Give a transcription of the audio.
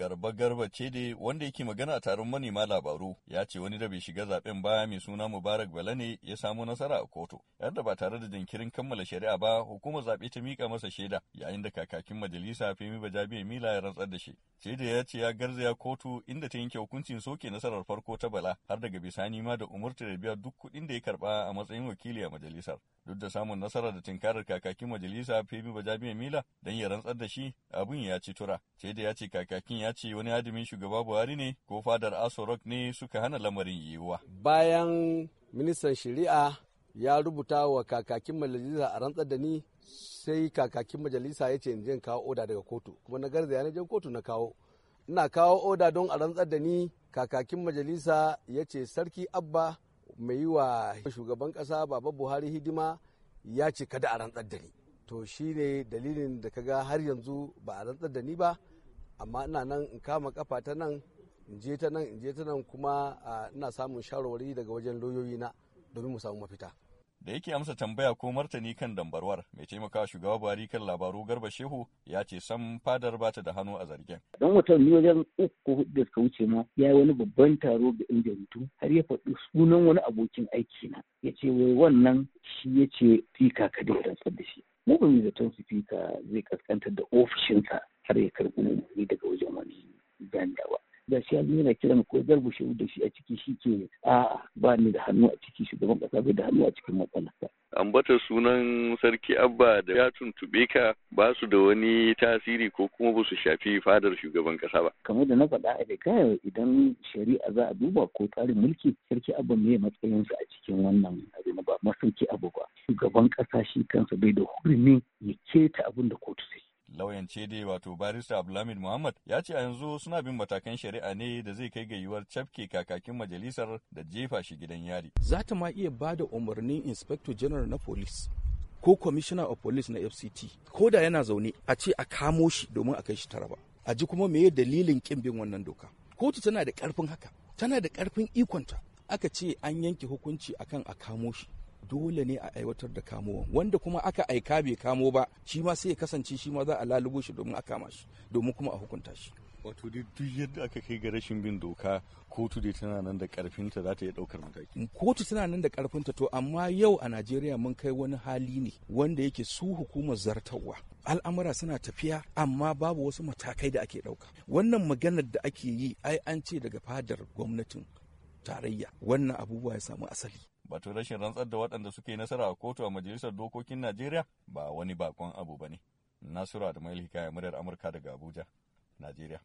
Garba Garba Cede wanda yake magana a taron manema labaru ya ce wani da bai shiga zaben ba mai suna Mubarak Bala ne ya samu nasara a kotu. Yar da ba tare da jinkirin kammala shari'a ba hukumar zaɓe ta mika masa shaida yayin da kakakin majalisa Femi Bajabiya Mila ya rantsar da shi. Cede ya ce ya garzaya kotu inda ta yanke hukuncin soke nasarar farko ta Bala har daga bisani ma da umurta da biya duk kuɗin da ya karɓa a matsayin wakili a majalisar. Duk da samun nasara da tinkarar kakakin majalisa Femi Bajabiya Mila don ya rantsar da shi abin ya ci tura. da ya ce kakakin ya ya ce wani hadimin shugaba Buhari ne ko fadar Aso ne suka hana lamarin yiwuwa. Bayan ministan shari'a ya rubuta wa kakakin majalisa a rantsar da ni sai kakakin majalisa ya ce in kawo oda daga kotu kuma na garza na jan kotu na kawo ina kawo oda don a rantsar da ni kakakin majalisa ya ce sarki abba mai yi wa shugaban kasa baba buhari hidima ya ce kada a rantsar da ni to shine dalilin da kaga har yanzu ba a rantsar da ni ba amma ina nan in kama kafa ta nan in je ta nan in je ta nan kuma ina samun shawarwari daga wajen lauyoyi na domin mu samu mafita da yake amsa tambaya ko martani kan dambarwar mai taimakawa shugaba buhari kan labaru garba shehu ya ce san fadar ba ta da hannu a zargin dan watan ni wajen uku hudu da suka wuce ma ya yi wani babban taro ga yan jaridu har ya faɗi sunan wani abokin aiki na ya ce wai wannan shi ya ce fika ka da rantsar da shi mu ba mu zaton su fika zai kaskantar da ofishinsa har ya karɓi umarni daga wajen wani banda ba da shi yana kiran ko zarbu shi da shi a ciki shi ke a ba ni da hannu a ciki shugaban ƙasa, bai da hannu a cikin matsalar ambata sunan sarki abba da ya tuntube ka ba su da wani tasiri ko kuma ba su shafi fadar shugaban kasa ba kamar da na faɗa a daga idan shari'a za a duba ko tsarin mulki sarki abba matsayin matsayinsa a cikin wannan abin ba masauki abu ba shugaban kasa shi kansa bai da hurumin ya keta abin da kotu sai Lauyan dai wato barista Abdulhamid Muhammad ya ce a yanzu suna bin matakan shari'a ne da zai kai ga yiwuwar cafke kakakin majalisar da jefa shi gidan yari. Za ta ma iya ba da umarnin Inspector General na Police ko Commissioner of Police na FCT ko da yana zaune a ce a kamo shi domin a kai shi taraba. A ji kuma meye dalilin kin bin wannan doka. Kotu tana da ƙarfin haka, tana da ƙarfin ikonta. Aka ce an yanke hukunci akan a kamo shi. dole ne a aiwatar da kamowa wanda kuma aka aika bai kamo ba shi ma sai ya kasance shi ma za a lalubo shi domin a kama shi domin kuma a hukunta shi wato duk yadda aka kai ga rashin bin doka kotu dai tana nan da karfinta za ta iya daukar mataki mm, kotu tana nan da karfinta to amma yau a najeriya mun kai wani hali ne wanda yake su hukumar zartarwa al'amura suna tafiya amma babu wasu matakai da ake dauka wannan maganar da ake yi ai an ce daga fadar gwamnatin tarayya wannan abubuwa ya samu asali Batun rashin rantsar da waɗanda suke nasara a kotu a Majalisar Dokokin Najeriya ba wani bakon abu ba ne. Nasiru Adamu Hikaya muryar Amurka daga Abuja, Najeriya.